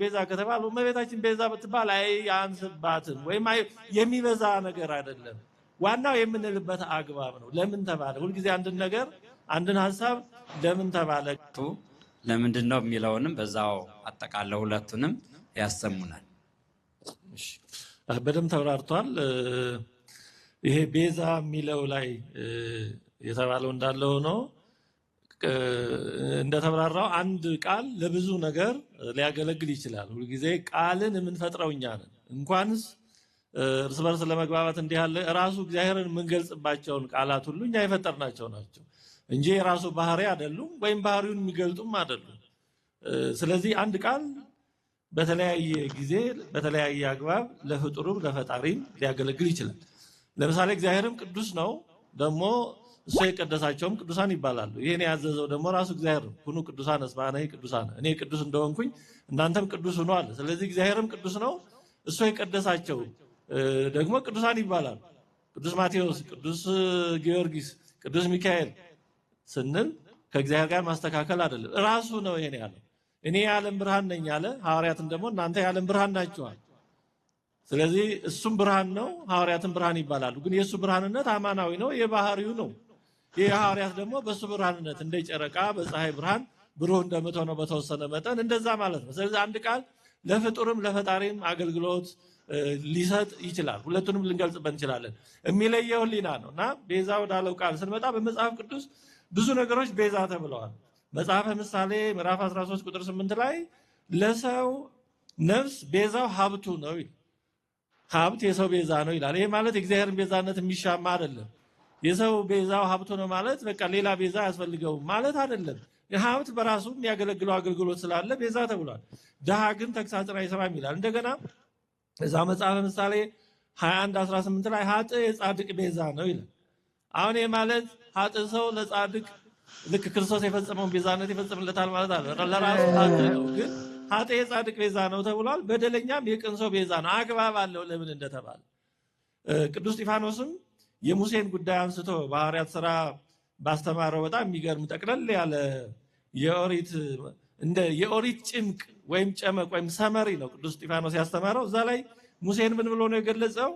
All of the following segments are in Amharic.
ቤዛ ከተባለ እመቤታችን ቤዛ ብትባል አይ ወይም የሚበዛ ነገር አይደለም። ዋናው የምንልበት አግባብ ነው። ለምን ተባለ? ሁልጊዜ አንድን ነገር አንድን ሀሳብ ለምን ተባለ፣ ለምንድን ነው የሚለውንም በዛው አጠቃለ ሁለቱንም ያሰሙናል። በደንብ ተብራርቷል። ይሄ ቤዛ የሚለው ላይ የተባለው እንዳለ ሆኖ እንደተብራራው አንድ ቃል ለብዙ ነገር ሊያገለግል ይችላል። ሁልጊዜ ቃልን የምንፈጥረው እኛ ነን። እንኳንስ እርስ በርስ ለመግባባት እንዲህ ያለ ራሱ እግዚአብሔርን የምንገልጽባቸውን ቃላት ሁሉ እኛ የፈጠርናቸው ናቸው እንጂ የራሱ ባህሪ አይደሉም፣ ወይም ባህሪውን የሚገልጡም አይደሉም። ስለዚህ አንድ ቃል በተለያየ ጊዜ በተለያየ አግባብ ለፍጡሩም ለፈጣሪም ሊያገለግል ይችላል። ለምሳሌ እግዚአብሔርም ቅዱስ ነው ደግሞ እሱ የቀደሳቸውም ቅዱሳን ይባላሉ። ይህን ያዘዘው ደግሞ ራሱ እግዚአብሔር ነው። ሁኑ ቅዱሳን እስማነ ቅዱሳን፣ እኔ ቅዱስ እንደሆንኩኝ እናንተም ቅዱስ ሁኑ አለ። ስለዚህ እግዚአብሔርም ቅዱስ ነው። እሱ የቀደሳቸው ደግሞ ቅዱሳን ይባላሉ። ቅዱስ ማቴዎስ፣ ቅዱስ ጊዮርጊስ፣ ቅዱስ ሚካኤል ስንል ከእግዚአብሔር ጋር ማስተካከል አይደለም፣ እራሱ ነው ይሄን ያለው። እኔ የዓለም ብርሃን ነኝ አለ። ሐዋርያትን ደግሞ እናንተ የዓለም ብርሃን ናችኋል። ስለዚህ እሱም ብርሃን ነው፣ ሐዋርያትን ብርሃን ይባላሉ። ግን የእሱ ብርሃንነት አማናዊ ነው፣ የባህሪው ነው። ይህ ሐዋርያት ደግሞ በእሱ ብርሃንነት እንደ ጨረቃ በፀሐይ ብርሃን ብሩህ እንደምትሆነው በተወሰነ መጠን እንደዛ ማለት ነው። ስለዚህ አንድ ቃል ለፍጡርም ለፈጣሪም አገልግሎት ሊሰጥ ይችላል። ሁለቱንም ልንገልጽበት እንችላለን። የሚለየው ሕሊና ነው እና ቤዛ ወዳለው ቃል ስንመጣ በመጽሐፍ ቅዱስ ብዙ ነገሮች ቤዛ ተብለዋል። መጽሐፈ ምሳሌ ምዕራፍ 13 ቁጥር 8 ላይ ለሰው ነፍስ ቤዛው ሀብቱ ነው ሀብት የሰው ቤዛ ነው ይላል። ይህ ማለት የእግዚአብሔርን ቤዛነት የሚሻማ አይደለም። የሰው ቤዛው ሀብቱ ነው ማለት በቃ ሌላ ቤዛ አያስፈልገውም ማለት አይደለም። ሀብት በራሱ የሚያገለግለው አገልግሎት ስላለ ቤዛ ተብሏል። ድሃ ግን ተግሳጽን አይሰማም ይላል። እንደገና እዛ መጽሐፈ ምሳሌ 21 18 ላይ ሀጥ የጻድቅ ቤዛ ነው ይላል። አሁን ማለት ሀጥ ሰው ለጻድቅ ልክ ክርስቶስ የፈጸመውን ቤዛነት ይፈጽምለታል ማለት አለ። ለራሱ ሀጥ ነው ግን ሀጥ የጻድቅ ቤዛ ነው ተብሏል። በደለኛም የቅን ሰው ቤዛ ነው። አግባብ አለው ለምን እንደተባለ ቅዱስ እስጢፋኖስም የሙሴን ጉዳይ አንስቶ በሐዋርያት ስራ ባስተማረው በጣም የሚገርም ጠቅለል ያለ የኦሪት እንደ የኦሪት ጭምቅ ወይም ጨመቅ ወይም ሰመሪ ነው ቅዱስ እስጢፋኖስ ያስተማረው። እዛ ላይ ሙሴን ምን ብሎ ነው የገለጸው?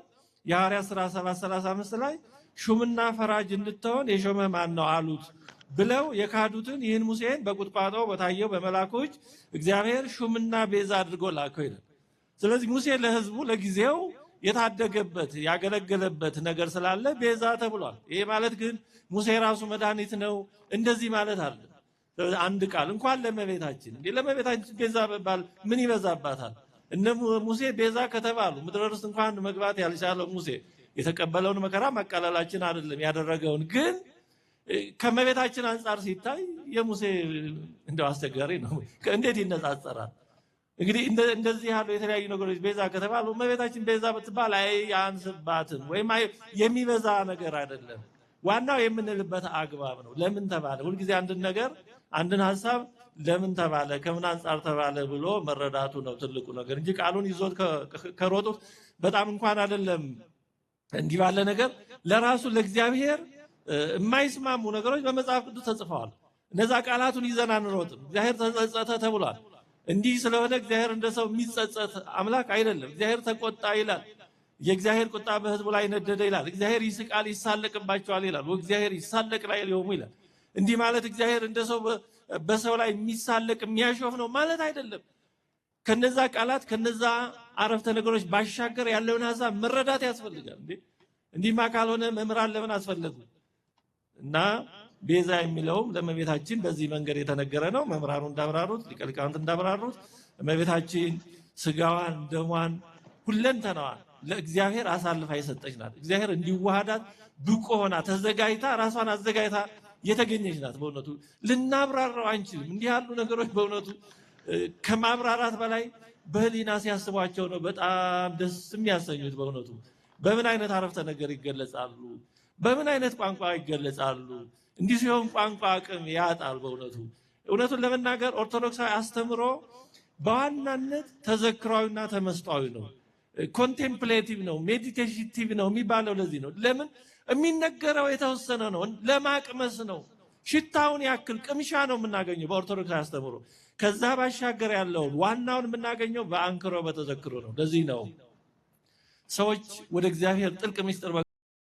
የሐዋርያት ስራ 735 ላይ ሹምና ፈራጅ እንድትሆን የሾመ ማን ነው አሉት ብለው የካዱትን ይህን ሙሴን በቁጥቋጦ በታየው በመላኮች እግዚአብሔር ሹምና ቤዛ አድርጎ ላከው ይላል። ስለዚህ ሙሴ ለህዝቡ ለጊዜው የታደገበት ያገለገለበት ነገር ስላለ ቤዛ ተብሏል። ይሄ ማለት ግን ሙሴ ራሱ መድኃኒት ነው እንደዚህ ማለት አለ። አንድ ቃል እንኳን ለመቤታችን እንዴ ለመቤታችን ቤዛ በባል ምን ይበዛባታል? እነ ሙሴ ቤዛ ከተባሉ ምድረ ርስት እንኳን መግባት ያልቻለው ሙሴ የተቀበለውን መከራ ማቃለላችን አይደለም ያደረገውን ግን ከመቤታችን አንጻር ሲታይ የሙሴ እንደው አስቸጋሪ ነው። እንዴት ይነጻጸራል? እንግዲህ እንደዚህ ያሉ የተለያዩ ነገሮች ቤዛ ከተባሉ እመቤታችን ቤዛ ብትባል አይ ያንስባትም ወይም የሚበዛ ነገር አይደለም። ዋናው የምንልበት አግባብ ነው። ለምን ተባለ? ሁልጊዜ አንድን ነገር አንድን ሀሳብ ለምን ተባለ፣ ከምን አንጻር ተባለ ብሎ መረዳቱ ነው ትልቁ ነገር እንጂ ቃሉን ይዞት ከሮጡት በጣም እንኳን አይደለም እንዲህ ባለ ነገር ለራሱ ለእግዚአብሔር የማይስማሙ ነገሮች በመጽሐፍ ቅዱስ ተጽፈዋል። እነዛ ቃላቱን ይዘን አንሮጥም። እግዚአብሔር ተጸጸተ ተብሏል። እንዲህ ስለሆነ እግዚአብሔር እንደ ሰው የሚጸጸት አምላክ አይደለም። እግዚአብሔር ተቆጣ ይላል። የእግዚአብሔር ቁጣ በህዝቡ ላይ ነደደ ይላል። እግዚአብሔር ይስቃል ይሳለቅባቸዋል ይላል። ወእግዚአብሔር ይሳለቅ ላይ ሊሆሙ ይላል። እንዲህ ማለት እግዚአብሔር እንደ ሰው በሰው ላይ የሚሳለቅ የሚያሾፍ ነው ማለት አይደለም። ከነዛ ቃላት ከነዛ አረፍተ ነገሮች ባሻገር ያለውን ሀሳብ መረዳት ያስፈልጋል። እንዲህማ ካልሆነ መምህራን ለምን አስፈለጉ እና ቤዛ የሚለውም ለእመቤታችን በዚህ መንገድ የተነገረ ነው። መምህራኑ እንዳብራሩት፣ ሊቀ ሊቃውንት እንዳብራሩት እመቤታችን ስጋዋን፣ ደሟን፣ ሁለንተናዋን ለእግዚአብሔር አሳልፋ የሰጠች ናት። እግዚአብሔር እንዲዋሃዳት ብቁ ሆና ተዘጋጅታ ራሷን አዘጋጅታ የተገኘች ናት። በእውነቱ ልናብራራው አንችልም። እንዲህ ያሉ ነገሮች በእውነቱ ከማብራራት በላይ በህሊና ሲያስቧቸው ነው በጣም ደስ የሚያሰኙት። በእውነቱ በምን አይነት አረፍተ ነገር ይገለጻሉ? በምን አይነት ቋንቋ ይገለጻሉ? እንዲህ ሲሆን ቋንቋ አቅም ያጣል። በእውነቱ እውነቱን ለመናገር ኦርቶዶክሳዊ አስተምሮ በዋናነት ተዘክሯዊና ተመስጧዊ ነው። ኮንቴምፕሌቲቭ ነው፣ ሜዲቴቲቭ ነው የሚባለው ለዚህ ነው። ለምን የሚነገረው የተወሰነ ነው፣ ለማቅመስ ነው። ሽታውን ያክል ቅምሻ ነው የምናገኘው በኦርቶዶክስ አስተምሮ። ከዛ ባሻገር ያለውን ዋናውን የምናገኘው በአንክሮ በተዘክሮ ነው። ለዚህ ነው ሰዎች ወደ እግዚአብሔር ጥልቅ ሚስጥር